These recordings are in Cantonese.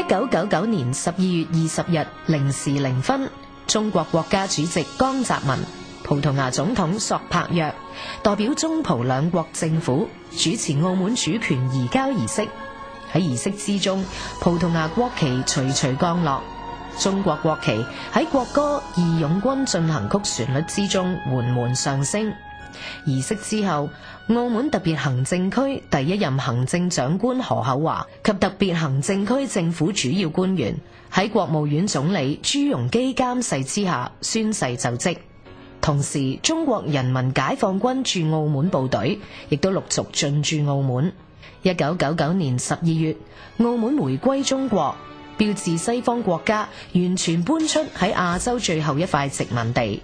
一九九九年十二月二十日零時零分，中國國家主席江澤民、葡萄牙總統索帕約代表中葡兩國政府主持澳門主權移交儀式。喺儀式之中，葡萄牙國旗徐徐降落，中國國旗喺國歌《義勇軍進行曲》旋律之中緩緩上升。儀式之後，澳門特別行政區第一任行政長官何厚鏵及特別行政區政府主要官員喺國務院總理朱鎔基監誓之下宣誓就職。同時，中國人民解放軍駐澳門部隊亦都陸續進駐澳門。一九九九年十二月，澳門回歸中國，標誌西方國家完全搬出喺亞洲最後一塊殖民地。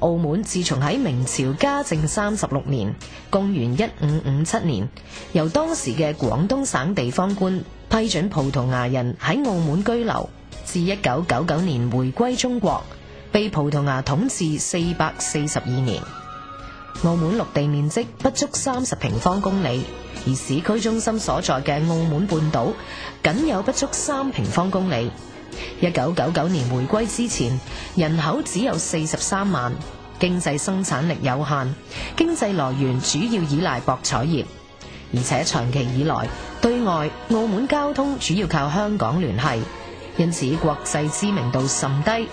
澳門自從喺明朝嘉靖三十六年（公元一五五七年），由當時嘅廣東省地方官批准葡萄牙人喺澳門居留，至一九九九年回歸中國，被葡萄牙統治四百四十二年。澳門陸地面積不足三十平方公里，而市區中心所在嘅澳門半島僅有不足三平方公里。一九九九年回歸之前，人口只有四十三萬，經濟生產力有限，經濟來源主要依賴博彩業，而且長期以來對外澳門交通主要靠香港聯繫，因此國際知名度甚低。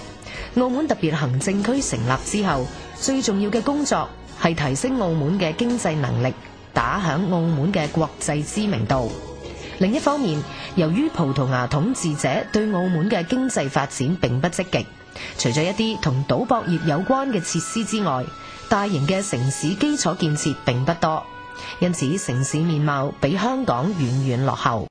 澳門特別行政區成立之後，最重要嘅工作係提升澳門嘅經濟能力，打響澳門嘅國際知名度。另一方面，由於葡萄牙統治者對澳門嘅經濟發展並不積極，除咗一啲同賭博業有關嘅設施之外，大型嘅城市基礎建設並不多，因此城市面貌比香港遠遠落後。